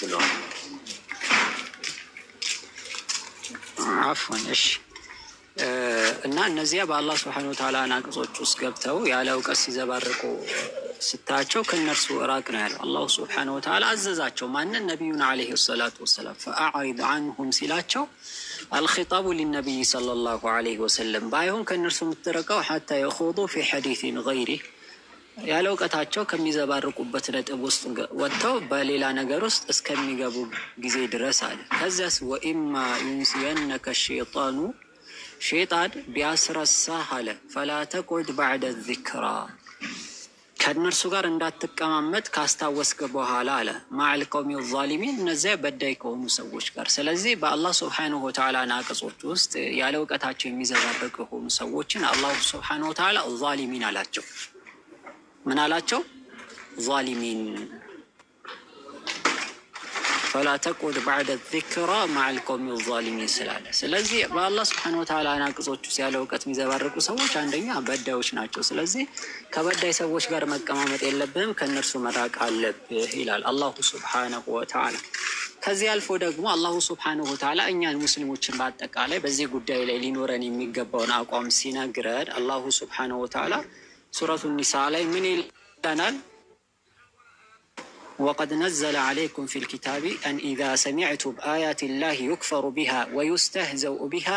كيلو አፉን እሺ እና እነዚያ በአላህ ስብሐነ ወተዓላ ናቅጾች ውስጥ ገብተው ያለ እውቀት ሲዘባርቁ ስታያቸው ከእነርሱ እራቅ ነው ያለው። አላሁ ስብሐነ ወተዓላ አዘዛቸው። ማንን? ነቢዩን ዓለይሂ ሰላቱ ወሰላም። ፈአዕሪድ አንሁም ሲላቸው አልኺጣቡ ሊነቢይ ሰለላሁ ዓለይሂ ወሰለም፣ ባይሆን ከእነርሱ የምትርቀው ሐታ የኹዱ ፊ ሐዲሲን ገይሪህ ያለ እውቀታቸው ከሚዘባርቁበት ነጥብ ውስጥ ወጥተው በሌላ ነገር ውስጥ እስከሚገቡ ጊዜ ድረስ አለ። ከዚያስ ወኢማ ዩንስየነከ ሸይጣኑ ሸይጣን ቢያስረሳህ አለ ፈላ ተቁድ ባዕደ ዚክራ ከእነርሱ ጋር እንዳትቀማመጥ ካስታወስክ በኋላ አለ ማዕል ቀውሚ ዛሊሚን እነዚያ በዳይ ከሆኑ ሰዎች ጋር። ስለዚህ በአላህ ስብሓንሁ ወተዓላ ናቅጾች ውስጥ ያለ እውቀታቸው የሚዘባርቁ የሆኑ ሰዎችን አላሁ ስብሓንሁ ወተዓላ ዛሊሚን አላቸው። ምን አላቸው? ዛሊሚን ፈላ ተቁድ ባዕደ ዚክራ ማዕል ዛሊሚን ስላለ። ስለዚህ በአላህ ስብሐነሁ ወተዓላ ናቅጾች ውስጥ ያለ እውቀት የሚዘባርቁ ሰዎች አንደኛ በዳዮች ናቸው። ስለዚህ ከበዳይ ሰዎች ጋር መቀማመጥ የለብህም ከእነርሱ መራቅ አለብህ ይላል አላሁ ስብሐነሁ ወተዓላ። ከዚህ አልፎ ደግሞ አላሁ ስብሐነሁ ወተዓላ እኛን ሙስሊሞችን በአጠቃላይ በዚህ ጉዳይ ላይ ሊኖረን የሚገባውን አቋም ሲነግረን አላሁ ስብሐነሁ ወተዓላ ሱረቱ ኒሳ ላይ ምን ይለናል? ወቀድ ነዘለ ዓለይኩም ፊል ኪታቢ አን ኢዛ ሰሚዕቱም አያት ላህ ዩክፈሩ ቢሃ ወዩስተህዘው ቢሃ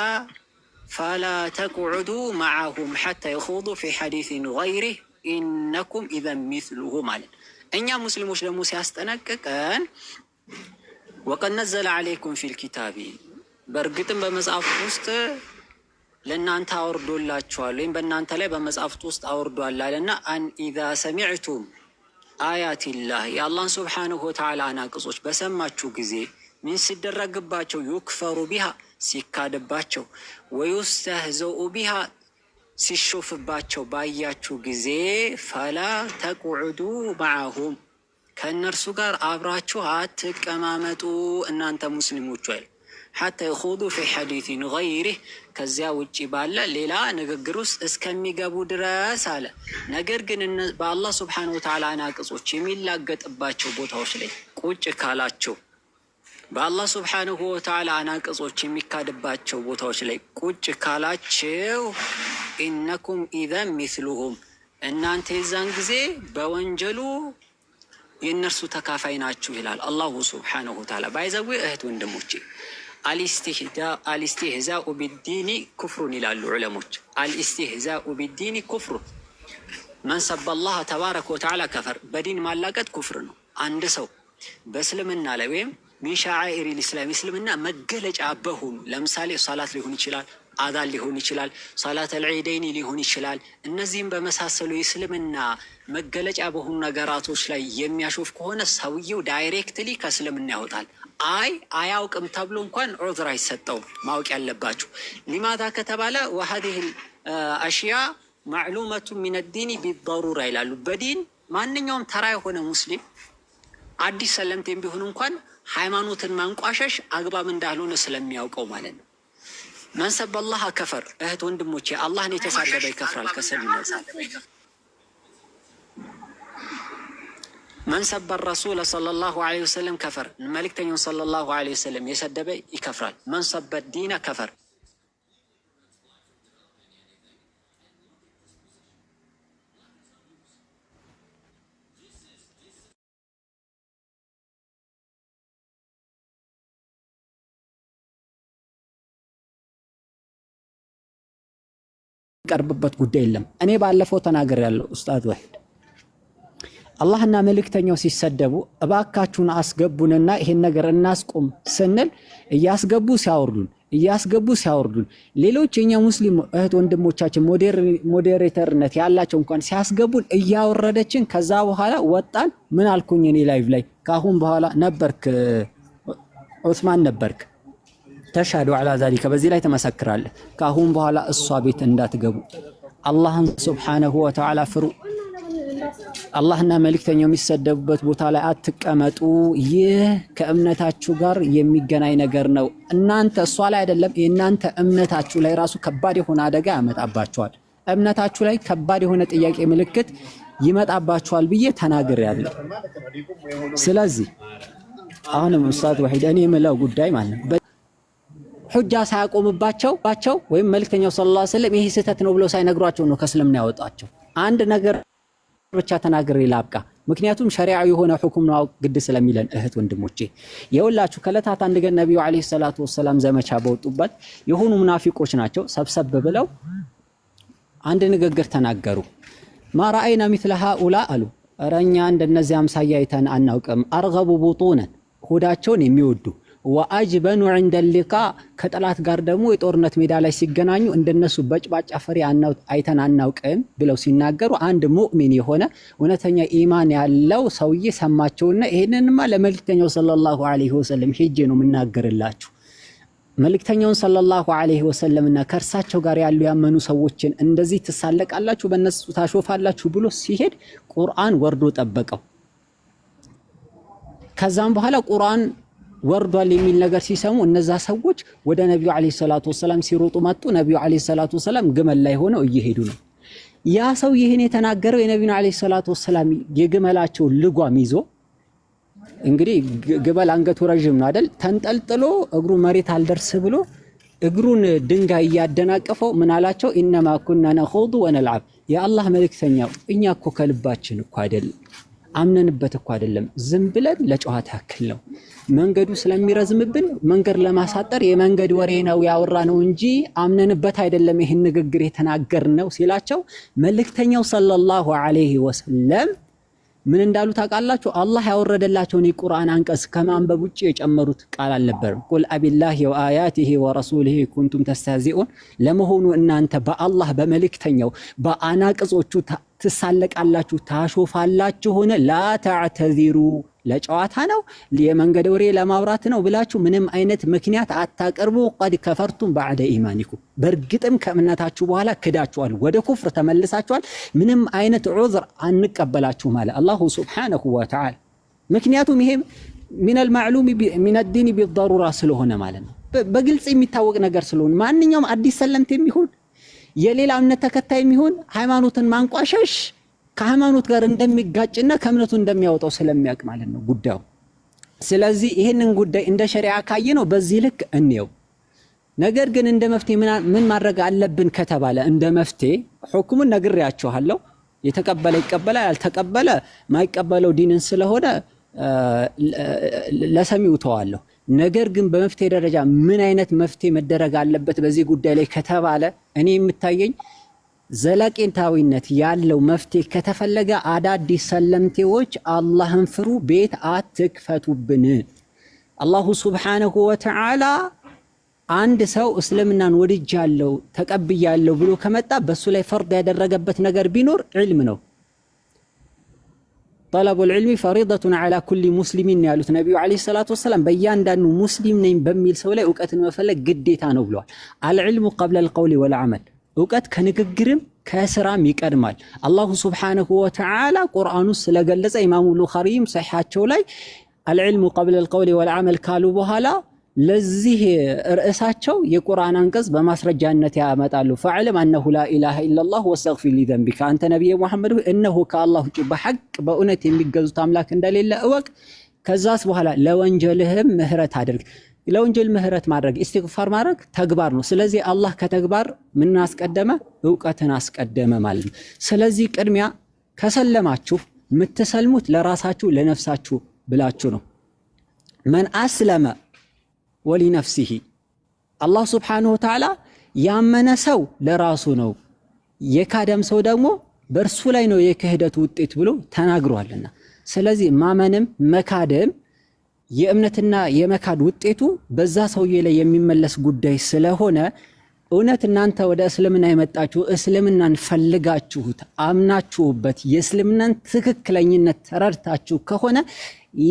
ፈላ ተቅዑዱ መዓሁም ሐታ የኹዱ ፊ ሐዲሲን ገይሪህ ኢነኩም ኢዘን ሚስሉሁ ማለት እኛ ሙስሊሞች ደግሞ ሲያስጠነቅቀን ወቀድ ነዘለ ዓለይኩም ፊል ኪታቢ በእርግጥም በመጽሐፍ ውስጥ ለእናንተ አውርዶላችኋል ወይም በእናንተ ላይ በመጽሐፍት ውስጥ አውርዷል አለና አን ኢዛ ሰሚዕቱም አያቲላህ የአላህን ስብሓንሁ ወተዓላ አናቅጾች በሰማችሁ ጊዜ ምን ሲደረግባቸው ዩክፈሩ ቢሃ ሲካድባቸው፣ ወዩስተህዘኡ ቢሃ ሲሾፍባቸው ባያችሁ ጊዜ ፈላ ተቁዕዱ መዓሁም ከእነርሱ ጋር አብራችሁ አትቀማመጡ እናንተ ሙስሊሞች አይደል ሓታ የኹዱ ፊ ሐዲሲን ገይሪህ ከዚያ ውጭ ባለ ሌላ ንግግር ውስጥ እስከሚገቡ ድረስ አለ። ነገር ግን በአላህ ስብሓነሁ ወተዓላ አናቅጾች የሚላገጥባቸው ቦታዎች ላይ ቁጭ ካላችሁ፣ በአላህ ስብሓነሁ ወተዓላ አናቅጾች የሚካድባቸው ቦታዎች ላይ ቁጭ ካላችሁ፣ ኢነኩም ኢዘን ሚስሉሁም እናንተ የዛን ጊዜ በወንጀሉ የእነርሱ ተካፋይ ናችሁ ይላል አላሁ ስብሓነሁ ወተዓላ። ባይዘዊ እህት ወንድሞቼ አልስትህዛኡ ቢዲኒ ኩፍሩን ይላሉ ዑለሞች። አልስትህዛኡ ቢዲኒ ኩፍሩ መን ሰባ ተባረከ ወተዓላ ከፈር፣ በዲን ማላቀጥ ኩፍር ነው። አንድ ሰው በእስልምና ላይ ወይም ሚን ሻዓኢሪ ልእስላም እስልምና መገለጫ በሆኑ ለምሳሌ ሰላት ሊሆን ይችላል፣ አዛን ሊሆን ይችላል፣ ሰላት አልዒደይኒ ሊሆን ይችላል። እነዚህም በመሳሰሉ የእስልምና መገለጫ በሆኑ ነገራቶች ላይ የሚያሾፍ ከሆነ ሰውየው ዳይሬክትሊ ከእስልምና ያወጣል። አይ አያውቅም ተብሎ እንኳን ዑዝር አይሰጠውም። ማወቅ ያለባችሁ ሊማታ ከተባለ ወሀዲህን አሽያ ማዕሉመቱ ሚን ዲኒ ቢሩራ ይላሉ። በዲን ማንኛውም ተራ የሆነ ሙስሊም አዲስ ሰለምቴም ቢሆን እንኳን ሃይማኖትን ማንቋሸሽ አግባብ እንዳልሆነ ስለሚያውቀው ማለት ነው። መንሰብ አላህ ከፈር እህት ወንድሞቼ፣ አላህን የተሳደበ ይከፍራል፣ ከሰል ይነጻል። من سب الرسول صلى الله عليه وسلم كفر الملك صلى الله عليه وسلم يسدب يكفر من سب الدين كفر ቀርብበት ጉዳይ የለም እኔ ባለፈው ተናገር ያለው ኡስታዝ አላህና መልእክተኛው ሲሰደቡ እባካችሁን አስገቡንና ይሄን ነገር እናስቁም ስንል እያስገቡ ሲያወርዱን እያስገቡ ሲያወርዱን፣ ሌሎች የኛ ሙስሊም እህት ወንድሞቻችን ሞዴሬተርነት ያላቸው እንኳን ሲያስገቡን እያወረደችን፣ ከዛ በኋላ ወጣን። ምን አልኩኝ እኔ ላይቭ ላይ ከአሁን በኋላ ነበርክ ዑስማን ነበርክ ተሻዱ አላ ዛሊከ፣ በዚህ ላይ ተመሰክራለህ። ከአሁን በኋላ እሷ ቤት እንዳትገቡ አላህን ሱብሓነሁ ወተዓላ ፍሩ። አላህና መልክተኛው የሚሰደቡበት ቦታ ላይ አትቀመጡ። ይህ ከእምነታችሁ ጋር የሚገናኝ ነገር ነው። እናንተ እሷ ላይ አይደለም የእናንተ እምነታችሁ ላይ ራሱ ከባድ የሆነ አደጋ ያመጣባቸዋል። እምነታችሁ ላይ ከባድ የሆነ ጥያቄ ምልክት ይመጣባችኋል ብዬ ተናግሬያለሁ። ስለዚህ አሁንም ኡስታዝ ወሒድ እኔ የምለው ጉዳይ ማለት ነው ሁጃ ሳያቆምባቸው ባቸው ወይም መልእክተኛው ሰለላሁ ዐለይሂ ወሰለም ይሄ ስህተት ነው ብለው ሳይነግሯቸው ነው ከእስልምና ያወጣቸው አንድ ነገር ብቻ ተናግሬ ላብቃ። ምክንያቱም ሸሪዓ የሆነ ሁኩም ነው ግድ ስለሚለን እህት ወንድሞቼ፣ የሁላችሁ ከለታት አንድ ቀን ነቢዩ ዓለይሂ ሰላቱ ወሰላም ዘመቻ በወጡበት የሆኑ ሙናፊቆች ናቸው ሰብሰብ ብለው አንድ ንግግር ተናገሩ። ማራአይና ሚስለ ሃኡላ አሉ። ረኛ እንደነዚህ አምሳያ አይተን አናውቅም። አርገቡ ቡጡነን ሆዳቸውን የሚወዱ ወአጅበኑ ዐንደ ሊቃ ከጠላት ጋር ደግሞ የጦርነት ሜዳ ላይ ሲገናኙ እንደነሱ በጭባጭ ፈሪ አይተን አናውቅም ብለው ሲናገሩ አንድ ሙእሚን የሆነ እውነተኛ ኢማን ያለው ሰውዬ ሰማቸውና ይህንንማ ለመልክተኛው ሰለላሁ ዐለይሂ ወሰለም ሄጄ ነው የምናገርላችሁ መልእክተኛውን ሰለላሁ ዐለይሂ ወሰለምና ከእርሳቸው ጋር ያሉ ያመኑ ሰዎችን እንደዚህ ትሳለቃላችሁ፣ በእነሱ ታሾፋላችሁ ብሎ ሲሄድ ቁርአን ወርዶ ጠበቀው። ከዛም በኋላ ቁርአን ወርዷል የሚል ነገር ሲሰሙ እነዛ ሰዎች ወደ ነቢዩ ዓለይሂ ሰላቱ ወሰላም ሲሮጡ መጡ። ነቢዩ ዓለይሂ ሰላቱ ወሰላም ግመል ላይ ሆነው እየሄዱ ነው። ያ ሰው ይህን የተናገረው የነቢዩን ዓለይሂ ሰላቱ ወሰላም የግመላቸው ልጓም ይዞ እንግዲህ ግመል አንገቱ ረዥም ነው አይደል? ተንጠልጥሎ እግሩ መሬት አልደርስ ብሎ እግሩን ድንጋይ እያደናቀፈው ምን አላቸው? ኢነማ ኩና ነኹዱ ወነልዓብ። የአላህ መልእክተኛው እኛ እኮ ከልባችን እኮ አይደለም አምነንበት እኮ አይደለም። ዝም ብለን ለጨዋታ ያክል ነው። መንገዱ ስለሚረዝምብን መንገድ ለማሳጠር የመንገድ ወሬ ነው ያወራ ነው እንጂ አምነንበት አይደለም ይህን ንግግር የተናገር ነው ሲላቸው መልእክተኛው ሰለላሁ አለይህ ወሰለም ምን እንዳሉ ታውቃላችሁ? አላህ ያወረደላቸውን የቁርአን አንቀጽ ከማንበብ ውጭ የጨመሩት ቃል አልነበርም። ቁል አቢላህ ወአያቲሂ ወረሱሊሂ ኩንቱም ተስተዚኡን። ለመሆኑ እናንተ በአላህ በመልእክተኛው በአናቅጾቹ ትሳለቃላችሁ፣ ታሾፋላችሁ ሆነ ላ ተዕተዚሩ ለጨዋታ ነው፣ የመንገድ ወሬ ለማውራት ነው ብላችሁ ምንም አይነት ምክንያት አታቀርቡ። ቀድ ከፈርቱም ባዕደ ኢማኒኩም፣ በእርግጥም ከእምነታችሁ በኋላ ክዳችኋል፣ ወደ ኩፍር ተመልሳችኋል። ምንም አይነት ዑዝር አንቀበላችሁም አለ አላሁ ሱብሓነሁ ወተዓላ። ምክንያቱም ይሄ ሚነል ማዕሉም ሚነዲን ቢደሩራ ስለሆነ ማለት ነው፣ በግልጽ የሚታወቅ ነገር ስለሆነ ማንኛውም አዲስ ሰለምት የሚሆን የሌላ እምነት ተከታይ የሚሆን ሃይማኖትን ማንቋሸሽ ከሃይማኖት ጋር እንደሚጋጭና ከእምነቱ እንደሚያወጣው ስለሚያውቅ ማለት ነው ጉዳዩ። ስለዚህ ይህንን ጉዳይ እንደ ሸሪያ ካየ ነው በዚህ ልክ እንየው። ነገር ግን እንደ መፍትሄ ምን ማድረግ አለብን ከተባለ እንደ መፍትሄ ሁክሙን ነግሬያችኋለሁ። የተቀበለ ይቀበላል፣ ያልተቀበለ ማይቀበለው ዲንን ስለሆነ ለሰሚው ተዋለሁ። ነገር ግን በመፍትሄ ደረጃ ምን አይነት መፍትሄ መደረግ አለበት በዚህ ጉዳይ ላይ ከተባለ እኔ የምታየኝ ዘለቄታዊነት ያለው መፍትሄ ከተፈለገ አዳዲስ ሰለምቴዎች አላህን ፍሩ፣ ቤት አትክፈቱብን። አላሁ ሱብሓነሁ ወተዓላ አንድ ሰው እስልምናን ወድጃለሁ ተቀብያለሁ ብሎ ከመጣ በሱ ላይ ፈርድ ያደረገበት ነገር ቢኖር ዒልም ነው። ጠለቡል ዒልሚ ፈሪደቱን ዐላ ኩሊ ሙስሊሚን ያሉት ነቢዩ ዐለይሂ ሰላቱ ወሰላም በእያንዳንዱ ሙስሊም ነኝ በሚል ሰው ላይ እውቀትን መፈለግ ግዴታ ነው ብለዋል። አልዕልሙ ቀብለል ቀውሊ ወልዐመል እውቀት ከንግግርም ከስራም ይቀድማል። አላሁ ስብሓነሁ ወተዓላ ቁርአኑ ስለገለጸ ኢማሙ ቡኻሪም ሰሒሓቸው ላይ አልዕልሙ ቀብለ ልቀውል ወልዓመል ካሉ በኋላ ለዚህ ርዕሳቸው የቁርአን አንቀጽ በማስረጃነት ያመጣሉ። ፈዕለም አነሁ ላኢላሃ ኢለላህ ወስተግፊር ሊዘንቢከ አንተ ነቢየ ሙሐመድ ሆይ ከአላህ ውጭ በሐቅ በእውነት የሚገዙት አምላክ እንደሌለ እወቅ። ከዛስ በኋላ ለወንጀልህም ምህረት አድርግ። ለወንጀል ምህረት ማድረግ ኢስቲግፋር ማድረግ ተግባር ነው። ስለዚህ አላህ ከተግባር ምን አስቀደመ? እውቀትን አስቀደመ ማለት ነው። ስለዚህ ቅድሚያ ከሰለማችሁ የምትሰልሙት ለራሳችሁ ለነፍሳችሁ ብላችሁ ነው። መን አስለመ ወሊነፍሲሂ አላህ ስብሓነሁ ወተዓላ ያመነ ሰው ለራሱ ነው፣ የካደም ሰው ደግሞ በእርሱ ላይ ነው የክህደት ውጤት ብሎ ተናግሯልና ስለዚህ ማመንም መካደም የእምነትና የመካድ ውጤቱ በዛ ሰውዬ ላይ የሚመለስ ጉዳይ ስለሆነ እውነት እናንተ ወደ እስልምና የመጣችሁ እስልምናን ፈልጋችሁት አምናችሁበት የእስልምናን ትክክለኝነት ተረድታችሁ ከሆነ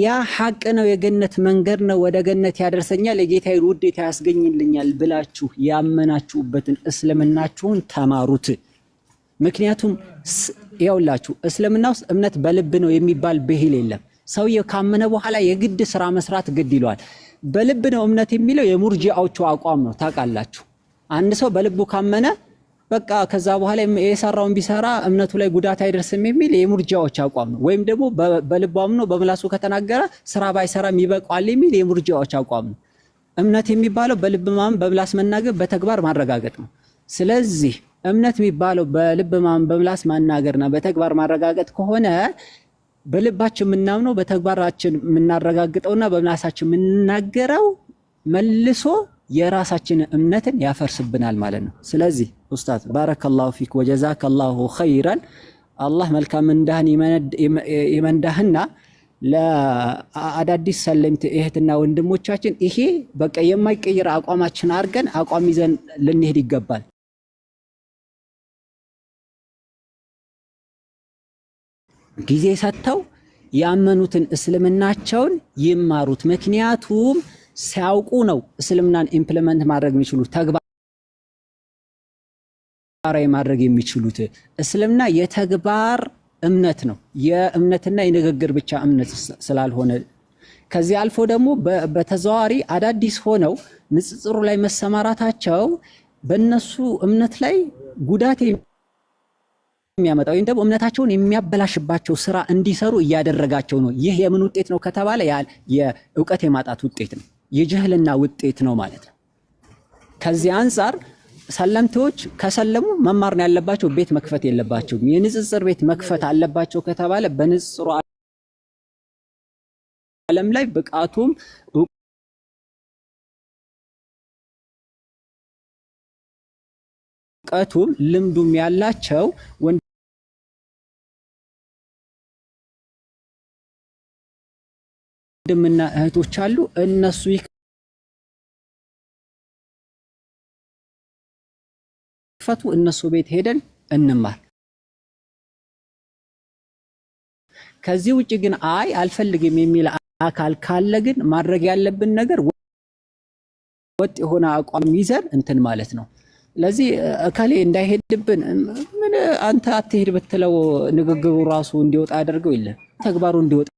ያ ሀቅ ነው፣ የገነት መንገድ ነው፣ ወደ ገነት ያደርሰኛል፣ የጌታዬን ውዴታ ያስገኝልኛል ብላችሁ ያመናችሁበትን እስልምናችሁን ተማሩት። ምክንያቱም ያውላችሁ እስልምና ውስጥ እምነት በልብ ነው የሚባል ብሂል የለም። ሰውየው ካመነ በኋላ የግድ ስራ መስራት ግድ ይለዋል። በልብ ነው እምነት የሚለው የሙርጂአዎቹ አቋም ነው። ታውቃላችሁ፣ አንድ ሰው በልቡ ካመነ በቃ ከዛ በኋላ የሰራውን ቢሰራ እምነቱ ላይ ጉዳት አይደርስም የሚል የሙርጂአዎች አቋም ነው። ወይም ደግሞ በልቡ አምኖ በምላሱ ከተናገረ ስራ ባይሰራም ይበቃዋል የሚል የሙርጂአዎች አቋም ነው። እምነት የሚባለው በልብ ማመን፣ በምላስ መናገር፣ በተግባር ማረጋገጥ ነው። ስለዚህ እምነት የሚባለው በልብ ማመን፣ በምላስ መናገርና በተግባር ማረጋገጥ ከሆነ በልባችን የምናምነው በተግባራችን የምናረጋግጠውና በምላሳችን የምንናገረው መልሶ የራሳችን እምነትን ያፈርስብናል ማለት ነው። ስለዚህ ኡስታዝ ባረከላሁ ፊክ ወጀዛከላሁ ኸይረን አላህ መልካም እንዳህን ይመንዳህና ለአዳዲስ ሰለምት እህትና ወንድሞቻችን ይሄ በቃ የማይቀየር አቋማችን አድርገን አቋም ይዘን ልንሄድ ይገባል። ጊዜ ሰጥተው ያመኑትን እስልምናቸውን ይማሩት። ምክንያቱም ሲያውቁ ነው እስልምናን ኢምፕሊመንት ማድረግ የሚችሉት ተግባራዊ ማድረግ የሚችሉት። እስልምና የተግባር እምነት ነው። የእምነትና የንግግር ብቻ እምነት ስላልሆነ ከዚህ አልፎ ደግሞ በተዘዋዋሪ አዳዲስ ሆነው ንጽጽሩ ላይ መሰማራታቸው በእነሱ እምነት ላይ ጉዳት የሚያመጣው ወይም ደግሞ እምነታቸውን የሚያበላሽባቸው ስራ እንዲሰሩ እያደረጋቸው ነው። ይህ የምን ውጤት ነው ከተባለ የእውቀት የማጣት ውጤት ነው፣ የጅህልና ውጤት ነው ማለት ነው። ከዚህ አንጻር ሰለምቴዎች ከሰለሙ መማር ነው ያለባቸው፣ ቤት መክፈት የለባቸውም። የንጽጽር ቤት መክፈት አለባቸው ከተባለ በንጽሩ ዓለም ላይ ብቃቱም እውቀቱም ልምዱም ያላቸው ወንድምና እህቶች አሉ እነሱ ይክፈቱ፣ እነሱ ቤት ሄደን እንማር። ከዚህ ውጭ ግን አይ አልፈልግም የሚል አካል ካለ ግን ማድረግ ያለብን ነገር ወጥ የሆነ አቋም ይዘን እንትን ማለት ነው። ለዚህ እከሌ እንዳይሄድብን ምን አንተ አትሄድ ብትለው ንግግሩ ራሱ እንዲወጣ ያደርገው የለም ተግባሩ እንዲወጣ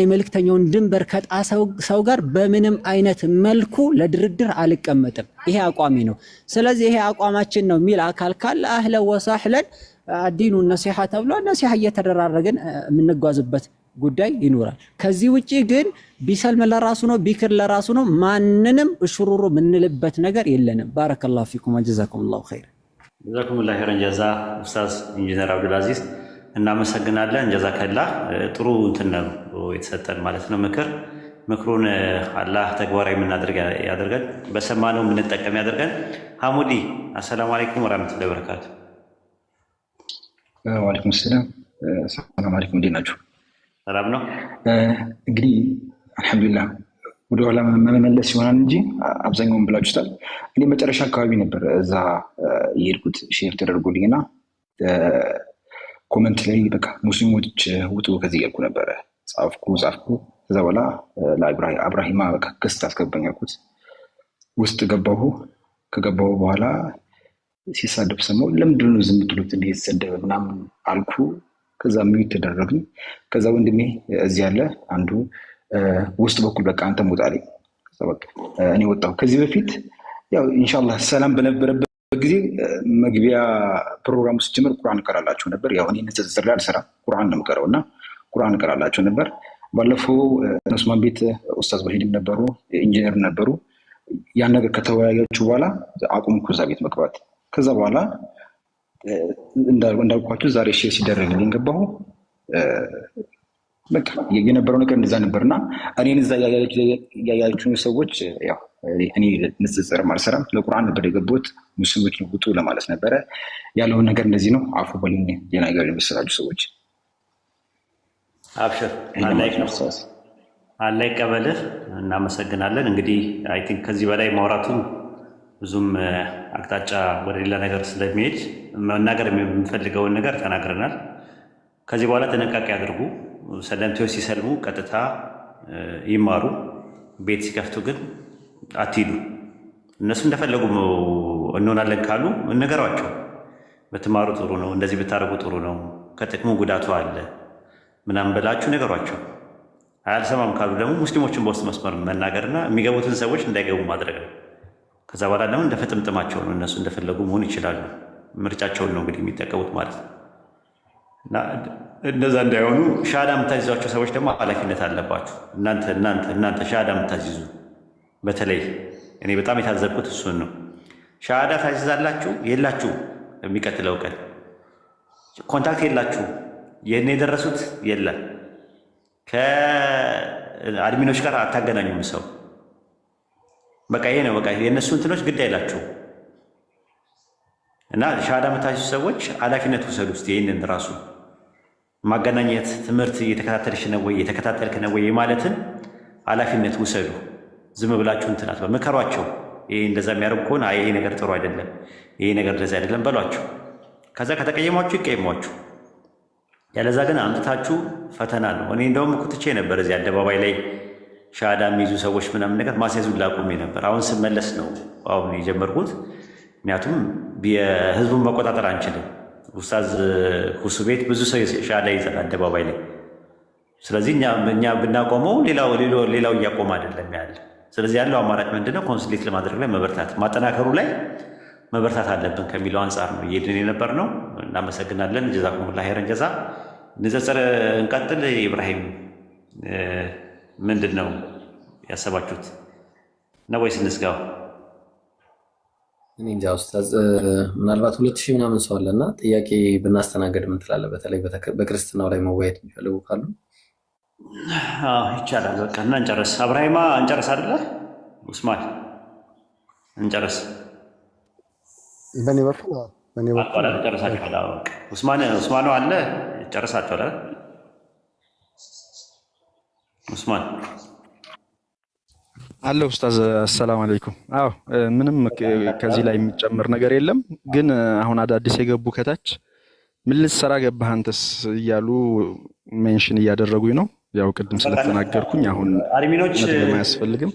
የመልክተኛውን ድንበር ከጣሰው ሰው ጋር በምንም አይነት መልኩ ለድርድር አልቀመጥም። ይሄ አቋሚ ነው። ስለዚህ ይሄ አቋማችን ነው የሚል አካል ካለ አህለ ወሳህለን አዲኑ ነሲሓ ተብሎ ነሲሓ እየተደራረግን የምንጓዝበት ጉዳይ ይኖራል። ከዚህ ውጪ ግን ቢሰልም ለራሱ ነው፣ ቢክር ለራሱ ነው። ማንንም እሽሩሩ የምንልበት ነገር የለንም። ባረከላሁ ፊኩም ወጀዛኩም ላሁ ኸይር። ጀዛኩም ላ ኸይረን ጀዛ ኡስታዝ ኢንጂነር አብዱልአዚዝ እናመሰግናለን። ጀዛከላ ጥሩ እንትን ነው የተሰጠን ማለት ነው ምክር። ምክሩን አላህ ተግባራዊ የምናደርግ ያደርገን፣ በሰማነው የምንጠቀም ያደርገን። ሐሙዲ አሰላሙ አለይኩም ወራህመቱላሂ ወበረካቱ። ዋለይኩም ሰላም። ሰላም አለይኩም። እንዴት ናችሁ? ሰላም ነው። እንግዲህ አልሐምዱሊላህ ወደ ኋላ መመለስ ይሆናል እንጂ አብዛኛውን ብላችሁታል። እኔ መጨረሻ አካባቢ ነበር እዛ የሄድኩት ሼር ተደርጎልኝና ኮመንት ላይ በቃ ሙስሊሞች ውጡ ከዚህ እያልኩ ነበረ። ጻፍኩ ጻፍኩ። ከዛ በኋላ ለአብራሂማ በቃ ክስ አስገባኝ አልኩት። ውስጥ ገባሁ። ከገባሁ በኋላ ሲሳደብ ሰማሁ። ለምንድን ነው ዝም ትሉት? እንዴት ሰደበ ምናምን አልኩ። ከዛ ሚዩት ተደረግን። ከዛ ወንድሜ እዚህ ያለ አንዱ ውስጥ በኩል በቃ አንተ መውጣ ላይ እኔ ወጣሁ። ከዚህ በፊት ያው ኢንሻላህ ሰላም በነበረበት በጊዜ መግቢያ ፕሮግራሙ ሲጀምር ቁርአን እቀራላችሁ ነበር። ያው እኔ ንጽጽር ላይ አልሰራም፣ ቁርአን ነው የምቀረው እና ቁርአን እቀራላችሁ ነበር። ባለፈው ኡስማን ቤት ኡስታዝ በሂድም ነበሩ፣ ኢንጂነር ነበሩ። ያን ነገር ከተወያያችሁ በኋላ አቁምኩ እዛ ቤት መግባት። ከዛ በኋላ እንዳልኳችሁ ዛሬ ሼር ሲደረግ ገባሁ በቃ የነበረው ነገር እንደዛ ነበር እና እኔን እዛ እያያችሁ ሰዎች እኔ ንጽጽር አልሰራም። ለቁርአን ነበር የገቡት ሙስሊሞች ነው ውጡ ለማለት ነበረ ያለውን ነገር እንደዚህ ነው። አፉ በሉኝ የናገር የመሰላችሁ ሰዎች አብሽር፣ አላህ ቀበልህ እናመሰግናለን። እንግዲህ አይ ቲንክ ከዚህ በላይ ማውራቱን ብዙም አቅጣጫ ወደ ሌላ ነገር ስለሚሄድ መናገር የምንፈልገውን ነገር ተናግረናል። ከዚህ በኋላ ጥንቃቄ አድርጉ። ሰለምቴዎች ሲሰልሙ ቀጥታ ይማሩ፣ ቤት ሲከፍቱ ግን አትሂዱ። እነሱ እንደፈለጉ እንሆናለን ካሉ እነገሯቸው ብትማሩ ጥሩ ነው፣ እንደዚህ ብታደርጉ ጥሩ ነው፣ ከጥቅሙ ጉዳቱ አለ ምናምን ብላችሁ ነገሯቸው አያልሰማም ካሉ ደግሞ ሙስሊሞችን በውስጥ መስመር መናገርና የሚገቡትን ሰዎች እንዳይገቡ ማድረግ ነው። ከዛ በኋላ ደግሞ እንደ ፍጥምጥማቸው ነው። እነሱ እንደፈለጉ መሆን ይችላሉ። ምርጫቸውን ነው እንግዲህ የሚጠቀሙት ማለት ነው እንደዛ እንዳይሆኑ ሻዳ የምታዝዟቸው ሰዎች ደግሞ ኃላፊነት አለባችሁ። እናንተ እናንተ እናንተ ሻዳ የምታዚዙ በተለይ እኔ በጣም የታዘብኩት እሱን ነው። ሻዳ ታዚዛላችሁ የላችሁ፣ የሚቀጥለው ቀን ኮንታክት የላችሁ፣ ይህን የደረሱት የለ ከአድሚኖች ጋር አታገናኙም። ሰው በቃ ይሄ ነው በቃ የእነሱ እንትኖች ግድ አይላችሁ እና ሻዳ የምታዝዙ ሰዎች ኃላፊነት ውሰዱ ውስጥ ይህንን ራሱ ማገናኘት ትምህርት እየተከታተልሽ ነው ወይ የተከታተልክ ነው ወይ ማለትን ኃላፊነት ውሰዱ። ዝም ብላችሁ እንትን አትበሉ፣ ምከሯቸው። ይሄ እንደዛ የሚያደርጉ ከሆነ ይሄ ነገር ጥሩ አይደለም፣ ይሄ ነገር እንደዚህ አይደለም በሏቸው። ከዛ ከተቀየሟችሁ ይቀየሟችሁ። ያለዛ ግን አምጥታችሁ ፈተና ነው። እኔ እንደውም ኩትቼ ነበር እዚህ አደባባይ ላይ ሻዳ የሚይዙ ሰዎች ምናምን ነገር ማስያዙን ላቁሜ ነበር። አሁን ስመለስ ነው አሁን የጀመርኩት። ምክንያቱም የህዝቡን መቆጣጠር አንችልም። ኡስታዝ ሁሱ ቤት ብዙ ሰው ሻዳ ይዛል አደባባይ ላይ። ስለዚህ እኛ ብናቆመው ሌላው እያቆመ አይደለም ያለ። ስለዚህ ያለው አማራጭ ምንድነው? ኮንስሌት ለማድረግ ላይ መበርታት ማጠናከሩ ላይ መበርታት አለብን ከሚለው አንጻር ነው እየድን የነበር ነው። እናመሰግናለን። ጀዛኩሙላ ኸይረን ጀዛ። ንጽጽር እንቀጥል። ኢብራሂም ምንድን ነው ያሰባችሁት ነው ወይስ እንስጋው? እኔ እንጃ ኡስታዝ፣ ምናልባት ሁለት ሺህ ምናምን ሰው አለ እና ጥያቄ ብናስተናገድ ምን ትላለህ? በተለይ በክርስትናው ላይ መወያየት የሚፈልጉ ካሉ ይቻላል። በቃ እና እንጨረስ። አብርሃይማ እንጨረስ አይደለ? ኡስማን እንጨረስ። በእኔ በኩል ጨረሳችኋል። ኡስማን ኡስማኑ አለ ጨረሳችኋል። ኡስማን አለ ኡስታዝ አሰላም አለይኩም። አዎ ምንም ከዚህ ላይ የሚጨምር ነገር የለም። ግን አሁን አዳዲስ የገቡ ከታች ምን ልትሰራ ገባህ አንተስ እያሉ ሜንሽን እያደረጉኝ ነው። ያው ቅድም ስለተናገርኩኝ አሁን አድሚኖች አያስፈልግም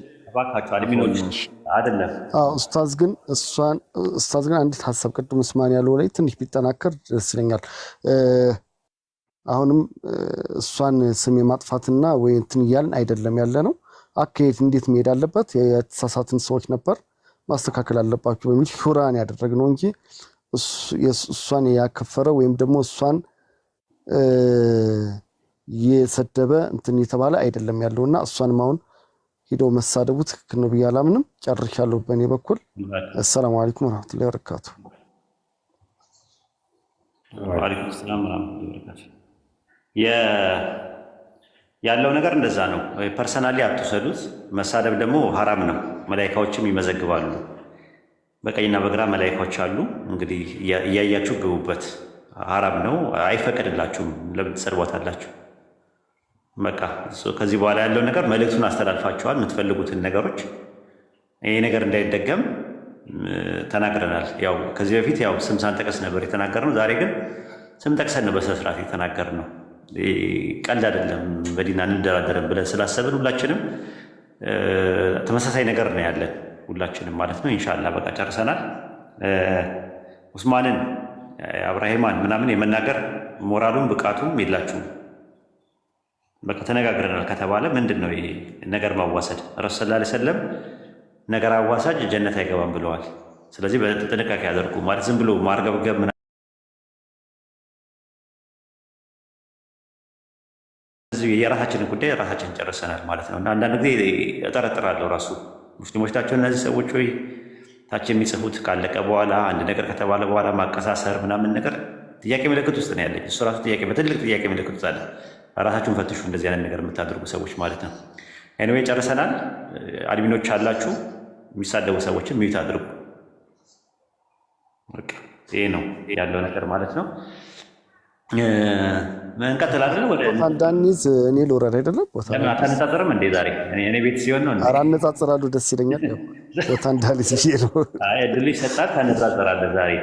ኡስታዝ ግን እሷን ኡስታዝ ግን አንዲት ሀሳብ ቅድም እስማን ያለው ላይ ትንሽ ቢጠናከር ደስ ይለኛል። አሁንም እሷን ስም የማጥፋትና ወይ እንትን እያልን አይደለም ያለ ነው አካሄድ እንዴት መሄድ አለበት፣ የተሳሳትን ሰዎች ነበር ማስተካከል አለባችሁ በሚል ሹራን ነው እንጂ እሷን ያከፈረ ወይም ደግሞ እሷን የሰደበ እንትን የተባለ አይደለም ያለው እና እሷንም አሁን ሂደው መሳደቡ ትክክል ነው ብዬ አላምንም። ጨርሻለሁ በእኔ በኩል። አሰላሙ አለይኩም ወረሕመቱላሂ ወበረካቱ። ወአለይኩም ሰላም ወበረካቱ። ያለው ነገር እንደዛ ነው። ፐርሰናሊ አትውሰዱት። መሳደብ ደግሞ ሀራም ነው። መላይካዎችም ይመዘግባሉ። በቀኝና በግራ መላይካዎች አሉ። እንግዲህ እያያችሁ ግቡበት። ሀራም ነው፣ አይፈቀድላችሁም። ለምን ትሰድቧታላችሁ? በቃ ከዚህ በኋላ ያለው ነገር መልእክቱን አስተላልፋችኋል። የምትፈልጉትን ነገሮች ይሄ ነገር እንዳይደገም ተናግረናል። ያው ከዚህ በፊት ያው ስም ሳንጠቀስ ነበር የተናገርነው። ዛሬ ግን ስም ጠቅሰን ነው በስነ የተናገርነው። ቀልድ አይደለም፣ መዲና አንደራደርም ብለን ስላሰብን ሁላችንም ተመሳሳይ ነገር ነው ያለን ሁላችንም ማለት ነው። እንሻላ በቃ ጨርሰናል። ኡስማንን አብራሂማን ምናምን የመናገር ሞራሉም ብቃቱም የላችሁም። በቃ ተነጋግረናል ከተባለ ምንድን ነው ነገር ማዋሰድ? ረሱ ላ ሰለም ነገር አዋሳጅ ጀነት አይገባም ብለዋል። ስለዚህ በጥንቃቄ ያደርጉ ማለት ዝም ብሎ ማርገብገብ የራሳችንን ጉዳይ ራሳችን ጨርሰናል ማለት ነው። እና አንዳንድ ጊዜ እጠረጥራለሁ ራሱ ሙስሊሞች ናቸው እነዚህ ሰዎች ወይ ታች የሚጽፉት ካለቀ በኋላ አንድ ነገር ከተባለ በኋላ ማቀሳሰር ምናምን ነገር ጥያቄ ምልክት ውስጥ ነው ያለች እሱ ራሱ ጥያቄ በትልቅ ጥያቄ ምልክት ውስጥ አለ። ራሳችሁን ፈትሹ፣ እንደዚህ አይነት ነገር የምታደርጉ ሰዎች ማለት ነው። ኤኒዌይ ጨርሰናል። አድሚኖች አላችሁ፣ የሚሳደቡ ሰዎችን ሚዩት አድርጉ። ይሄ ነው ያለው ነገር ማለት ነው። እንቀጥል አይደለ? አንዳኒዝ እኔ ልውረድ አይደለም። ቦታ አታነጻጽርም እንዴ? ዛሬ እኔ ቤት ሲሆን ነው። ኧረ ደስ ይለኛል። ቦታ እንዳሊዝ ብዬ ነው። ድልሽ ሰጣት ዛሬ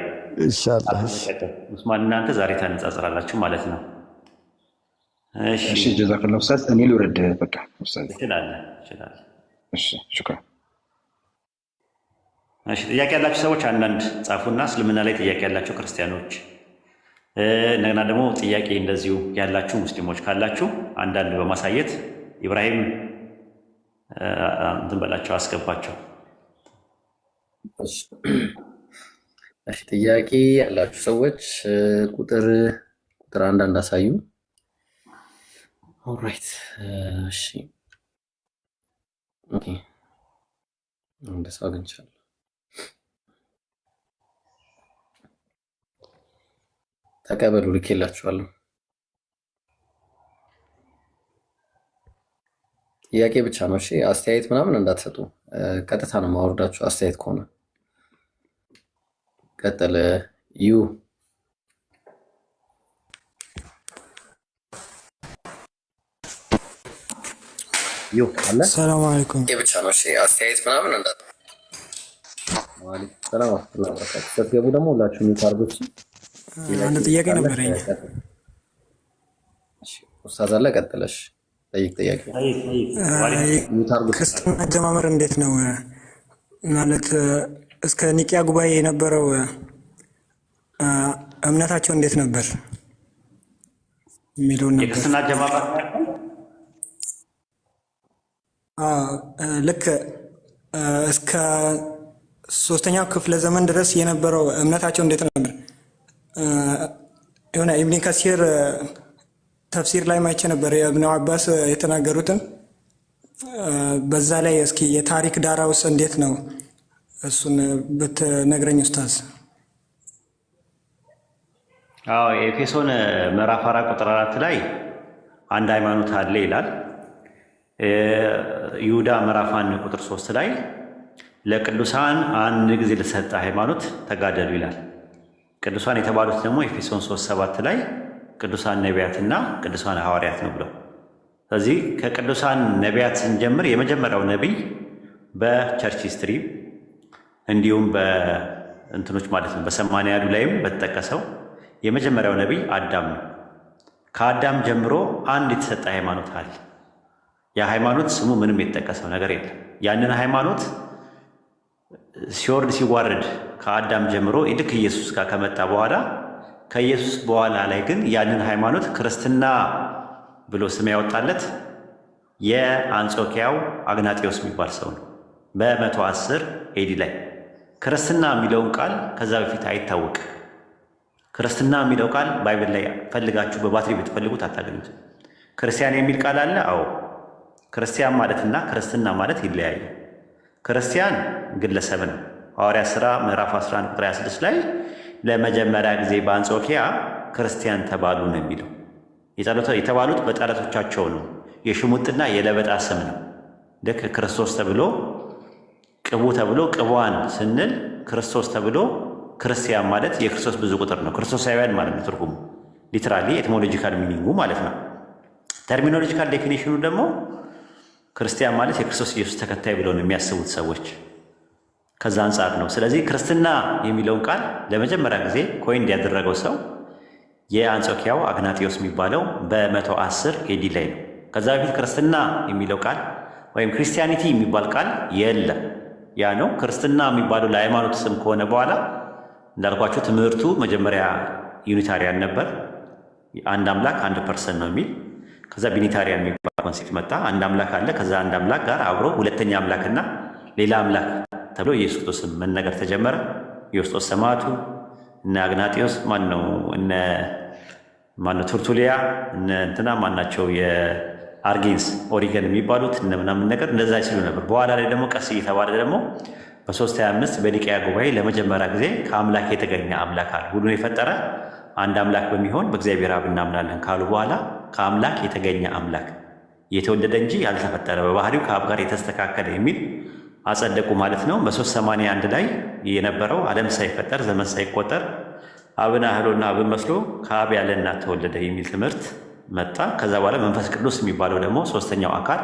እናንተ ዛሬ ታነጻጽራላችሁ ማለት ነው። እሺ ጀዛከላሁ ኡስታዝ። እኔ ልውረድ በቃ እሺ እሺ ጥያቄ ያላችሁ ሰዎች አንዳንድ ጻፉና እስልምና ላይ ጥያቄ ያላቸው ክርስቲያኖች እንደገና ደግሞ ጥያቄ እንደዚሁ ያላችሁ ሙስሊሞች ካላችሁ አንዳንድ በማሳየት ኢብራሂም እንትን በላቸው አስገባቸው። ጥያቄ ያላችሁ ሰዎች ቁጥር ቁጥር አንድ አሳዩ። ኦራይት እሺ፣ እንደሱ አግኝቻለሁ። ተቀበሉ፣ ልኬላችኋለሁ። ጥያቄ ብቻ ነው። እሺ አስተያየት ምናምን እንዳትሰጡ፣ ቀጥታ ነው ማወርዳችሁ። አስተያየት ከሆነ ቀጠለ። ዩ ሰላም አለይኩም። ብቻ ነው። አስተያየት ምናምን እንዳትሰጡ። ሰላም ደግሞ ሁላችሁ ሚታርጉች አንድ ጥያቄ ነበረኝ። ኡስታዝ አለ ቀጥለሽ ጠይቅ። ጥያቄ ክርስትና አጀማመር እንዴት ነው ማለት እስከ ኒቂያ ጉባኤ የነበረው እምነታቸው እንዴት ነበር የሚለውን ነበር። ልክ እስከ ሶስተኛው ክፍለ ዘመን ድረስ የነበረው እምነታቸው እንዴት ነበር? የሆነ ኢብኒ ከሲር ተፍሲር ላይ ማይቼ ነበር የእብኑ አባስ የተናገሩትን። በዛ ላይ እስኪ የታሪክ ዳራ ውስጥ እንዴት ነው እሱን ብትነግረኝ ኡስታዝ። አዎ ምዕራፍ አራት ቁጥር አራት ላይ አንድ ሃይማኖት አለ ይላል። ይሁዳ ምዕራፍ አንድ ቁጥር ሶስት ላይ ለቅዱሳን አንድ ጊዜ ለሰጠ ሃይማኖት ተጋደሉ ይላል። ቅዱሳን የተባሉት ደግሞ ኤፌሶን 7 ላይ ቅዱሳን ነቢያትና ቅዱሳን ሐዋርያት ነው ብለው። ስለዚህ ከቅዱሳን ነቢያት ስንጀምር የመጀመሪያው ነቢይ በቸርች ሂስትሪ እንዲሁም በእንትኖች ማለት ነው በሰማንያዱ ላይም በተጠቀሰው የመጀመሪያው ነቢይ አዳም ነው። ከአዳም ጀምሮ አንድ የተሰጠ ሃይማኖት አለ። የሃይማኖት ስሙ ምንም የተጠቀሰው ነገር የለም። ያንን ሃይማኖት ሲወርድ ሲዋረድ ከአዳም ጀምሮ ልክ ኢየሱስ ጋር ከመጣ በኋላ ከኢየሱስ በኋላ ላይ ግን ያንን ሃይማኖት ክርስትና ብሎ ስም ያወጣለት የአንጾኪያው አግናጤዎስ የሚባል ሰው ነው። በመቶ አስር ኤዲ ላይ ክርስትና የሚለውን ቃል ከዛ በፊት አይታወቅ ክርስትና የሚለው ቃል ባይብል ላይ ፈልጋችሁ በባትሪ ብትፈልጉት አታገኙት። ክርስቲያን የሚል ቃል አለ። አዎ ክርስቲያን ማለትና ክርስትና ማለት ይለያዩ። ክርስቲያን ግለሰብ ነው። ሐዋርያ ሥራ ምዕራፍ 11 ቁጥር 26 ላይ ለመጀመሪያ ጊዜ በአንጾኪያ ክርስቲያን ተባሉ ነው የሚለው። የተባሉት በጠረቶቻቸው ነው። የሽሙጥና የለበጣ ስም ነው። ልክ ክርስቶስ ተብሎ ቅቡ ተብሎ ቅቧን ስንል ክርስቶስ ተብሎ ክርስቲያን ማለት የክርስቶስ ብዙ ቁጥር ነው። ክርስቶሳውያን ማለት ነው ትርጉሙ፣ ሊትራሊ ኤትሞሎጂካል ሚኒንጉ ማለት ነው። ተርሚኖሎጂካል ዴፊኒሽኑ ደግሞ ክርስቲያን ማለት የክርስቶስ ኢየሱስ ተከታይ ብለው ነው የሚያስቡት ሰዎች። ከዛ አንጻር ነው። ስለዚህ ክርስትና የሚለውን ቃል ለመጀመሪያ ጊዜ ኮይን ያደረገው ሰው የአንጾኪያው አግናጢዮስ የሚባለው በመቶ አስር ኤዲ ላይ ነው። ከዛ በፊት ክርስትና የሚለው ቃል ወይም ክርስቲያኒቲ የሚባል ቃል የለም። ያ ነው ክርስትና የሚባለው ለሃይማኖት ስም ከሆነ በኋላ እንዳልኳቸው ትምህርቱ መጀመሪያ ዩኒታሪያን ነበር። አንድ አምላክ አንድ ፐርሰን ነው የሚል ከዛ ቢኒታሪያን የሚባል ኮንሴፕት መጣ። አንድ አምላክ አለ። ከዛ አንድ አምላክ ጋር አብሮ ሁለተኛ አምላክና ሌላ አምላክ ተብሎ ኢየሱስ ክርስቶስን መነገር ተጀመረ። ዮስጦስ ሰማዕቱ እነ አግናጢዮስ ማን ነው እነ ማነው ቱርቱሊያ እነ እንትና ማናቸው የአርጌንስ ኦሪገን የሚባሉት እነ ምናምን ነገር እንደዛ ሲሉ ነበር። በኋላ ላይ ደግሞ ቀስ እየተባለ ደግሞ በ325 በኒቅያ ጉባኤ ለመጀመሪያ ጊዜ ከአምላክ የተገኘ አምላክ አለ ሁሉን የፈጠረ አንድ አምላክ በሚሆን በእግዚአብሔር አብ እናምናለን ካሉ በኋላ ከአምላክ የተገኘ አምላክ የተወለደ እንጂ ያልተፈጠረ በባህሪው ከአብ ጋር የተስተካከለ የሚል አጸደቁ ማለት ነው። በሶስት ሰማንያ አንድ ላይ የነበረው ዓለም ሳይፈጠር ዘመን ሳይቆጠር አብን አህሎና አብን መስሎ ከአብ ያለ እናት ተወለደ የሚል ትምህርት መጣ። ከዛ በኋላ መንፈስ ቅዱስ የሚባለው ደግሞ ሶስተኛው አካል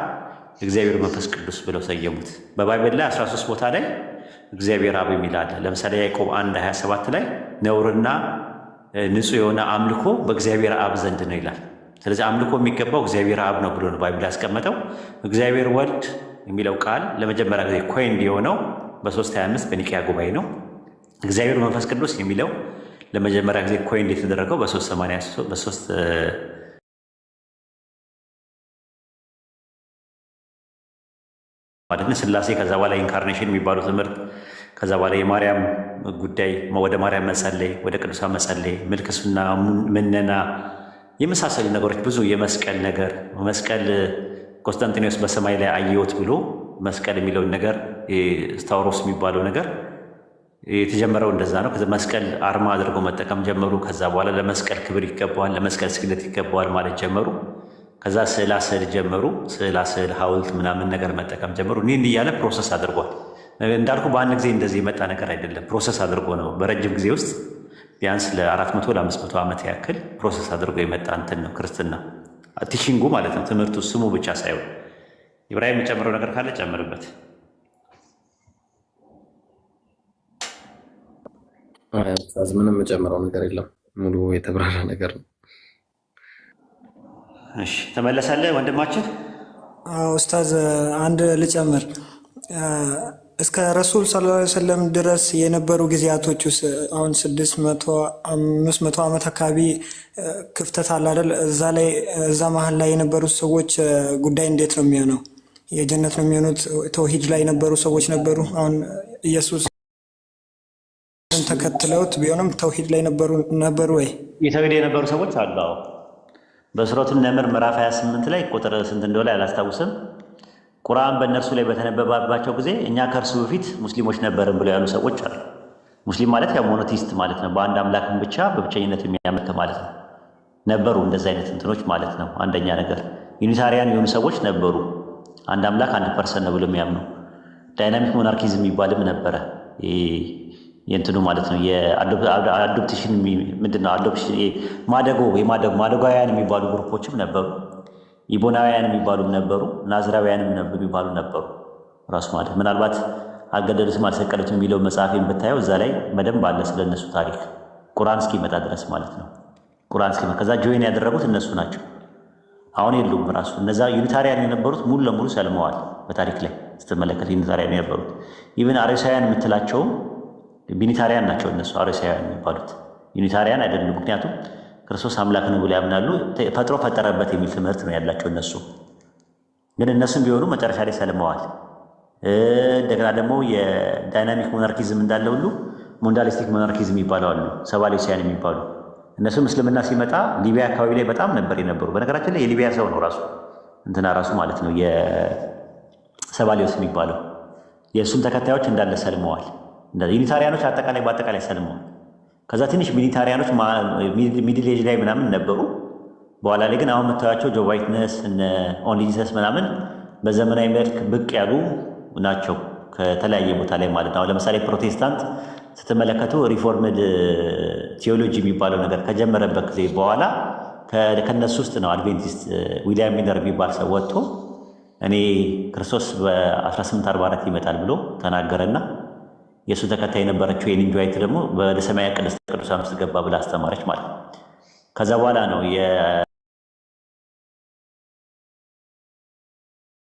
እግዚአብሔር መንፈስ ቅዱስ ብለው ሰየሙት። በባይብል ላይ 13 ቦታ ላይ እግዚአብሔር አብ የሚል አለ። ለምሳሌ ያዕቆብ 1 27 ላይ ነውርና ንጹህ የሆነ አምልኮ በእግዚአብሔር አብ ዘንድ ነው ይላል። ስለዚህ አምልኮ የሚገባው እግዚአብሔር አብ ነው ብሎ ነው ባይብል ያስቀመጠው። እግዚአብሔር ወልድ የሚለው ቃል ለመጀመሪያ ጊዜ ኮይን የሆነው በ325 በኒቅያ ጉባኤ ነው። እግዚአብሔር መንፈስ ቅዱስ የሚለው ለመጀመሪያ ጊዜ ኮይን የተደረገው በ3 ማለት ስላሴ ከዛ በኋላ ኢንካርኔሽን የሚባሉ ትምህርት ከዛ በኋላ የማርያም ጉዳይ ወደ ማርያም መጸለይ፣ ወደ ቅዱሳ መጸለይ፣ ምልክስና ምነና የመሳሰሉ ነገሮች ብዙ የመስቀል ነገር መስቀል ኮንስታንቲኖስ በሰማይ ላይ አየሁት ብሎ መስቀል የሚለውን ነገር ስታውሮስ የሚባለው ነገር የተጀመረው እንደዛ ነው። ከዚ መስቀል አርማ አድርገው መጠቀም ጀመሩ። ከዛ በኋላ ለመስቀል ክብር ይገባዋል፣ ለመስቀል ስግደት ይገባዋል ማለት ጀመሩ። ከዛ ስዕላ ስዕል ጀመሩ። ስዕላ ስዕል ሐውልት ምናምን ነገር መጠቀም ጀመሩ። እኒህን እያለ ፕሮሰስ አድርጓል። እንዳልኩ በአንድ ጊዜ እንደዚህ የመጣ ነገር አይደለም። ፕሮሰስ አድርጎ ነው በረጅም ጊዜ ውስጥ ቢያንስ ለአራት መቶ ለአምስት መቶ ዓመት ያክል ፕሮሰስ አድርጎ የመጣ እንትን ነው ክርስትና ቲሽንጉ ማለት ነው። ትምህርቱ ስሙ ብቻ ሳይሆን ኢብራሂም የሚጨምረው ነገር ካለ ጨምርበት። ኡስታዝ ምንም የጨምረው ነገር የለም። ሙሉ የተብራራ ነገር ነው። እሺ ተመለሳለህ ወንድማችን። ኡስታዝ አንድ ልጨምር እስከ ረሱል ሰለላሁ ዐለይሂ ወሰለም ድረስ የነበሩ ጊዜያቶች ውስጥ አሁን ስድስት መቶ አምስት መቶ ዓመት አካባቢ ክፍተት አለ አይደል? እዛ ላይ እዛ መሀል ላይ የነበሩት ሰዎች ጉዳይ እንዴት ነው የሚሆነው? የጀነት ነው የሚሆኑት? ተውሂድ ላይ የነበሩ ሰዎች ነበሩ። አሁን ኢየሱስ ተከትለውት ቢሆንም ተውሂድ ላይ ነበሩ ነበሩ ወይ የተውሂድ የነበሩ ሰዎች አሉ። በሱረቱን ነምር ምዕራፍ 28 ላይ ቁጥር ስንት እንደሆነ አላስታውስም ቁርአን በእነርሱ ላይ በተነበባባቸው ጊዜ እኛ ከእርሱ በፊት ሙስሊሞች ነበርን ብለው ያሉ ሰዎች አሉ። ሙስሊም ማለት ያው ሞኖቲስት ማለት ነው። በአንድ አምላክም ብቻ በብቸኝነት የሚያመልክ ማለት ነው። ነበሩ እንደዚህ አይነት እንትኖች ማለት ነው። አንደኛ ነገር ዩኒታሪያን የሆኑ ሰዎች ነበሩ። አንድ አምላክ አንድ ፐርሰን ነው ብሎ የሚያምኑ ዳይናሚክ ሞናርኪዝም የሚባልም ነበረ። የእንትኑ ማለት ነው የአዶፕሽን ምንድን ነው ማደጎ ማደጎ ማደጓውያን የሚባሉ ግሩፖችም ነበሩ። ኢቦናውያን የሚባሉም ነበሩ፣ ናዝራውያንም ነበሩ ነበሩ። ራሱ ማለት ምናልባት አልገደሉትም አልሰቀሉትም የሚለው መጽሐፍ ብታየው እዛ ላይ በደንብ አለ ስለነሱ ታሪክ ቁርአን እስኪመጣ ድረስ ማለት ነው። ቁርአን እስኪመጣ ከዛ ጆይን ያደረጉት እነሱ ናቸው። አሁን የሉም። ራሱ እነዛ ዩኒታሪያን የነበሩት ሙሉ ለሙሉ ሰልመዋል። በታሪክ ላይ ስትመለከት ዩኒታሪያን የነበሩት ኢብን አሬሳውያን የምትላቸውም ቢኒታሪያን ናቸው እነሱ አሬሳውያን የሚባሉት ዩኒታሪያን አይደሉም። ምክንያቱም ክርስቶስ አምላክ ነው ብሎ ያምናሉ። ፈጥሮ ፈጠረበት የሚል ትምህርት ነው ያላቸው እነሱ። ግን እነሱም ቢሆኑ መጨረሻ ላይ ሰልመዋል። እንደገና ደግሞ የዳይናሚክ ሞናርኪዝም እንዳለ ሁሉ ሞንዳሊስቲክ ሞናርኪዝም ይባለዋሉ፣ ሰባሌሲያን የሚባሉ እነሱም እስልምና ሲመጣ ሊቢያ አካባቢ ላይ በጣም ነበር የነበሩ። በነገራችን ላይ የሊቢያ ሰው ነው ራሱ እንትና ራሱ ማለት ነው የሰባሌዎስ የሚባለው የእሱም ተከታዮች እንዳለ ሰልመዋል። ዩኒታሪያኖች አጠቃላይ በአጠቃላይ ሰልመዋል። ከዛ ትንሽ ሚሊታሪያኖች ሚድል ኤጅ ላይ ምናምን ነበሩ። በኋላ ላይ ግን አሁን የምታያቸው ጆ ዋይትነስ ኦንሊ ጂሰስ ምናምን በዘመናዊ መልክ ብቅ ያሉ ናቸው ከተለያየ ቦታ ላይ ማለት ነው። ለምሳሌ ፕሮቴስታንት ስትመለከቱ ሪፎርምድ ቴዎሎጂ የሚባለው ነገር ከጀመረበት ጊዜ በኋላ ከነሱ ውስጥ ነው አድቬንቲስት ዊሊያም ሚለር የሚባል ሰው ወጥቶ እኔ ክርስቶስ በ1844 ይመጣል ብሎ ተናገረና የእሱ ተከታይ የነበረችው የኒንጃይት ደግሞ ወደ ሰማያ ቅድስተ ቅዱሳን ውስጥ ገባ ብላ አስተማረች ማለት ነው። ከዛ በኋላ ነው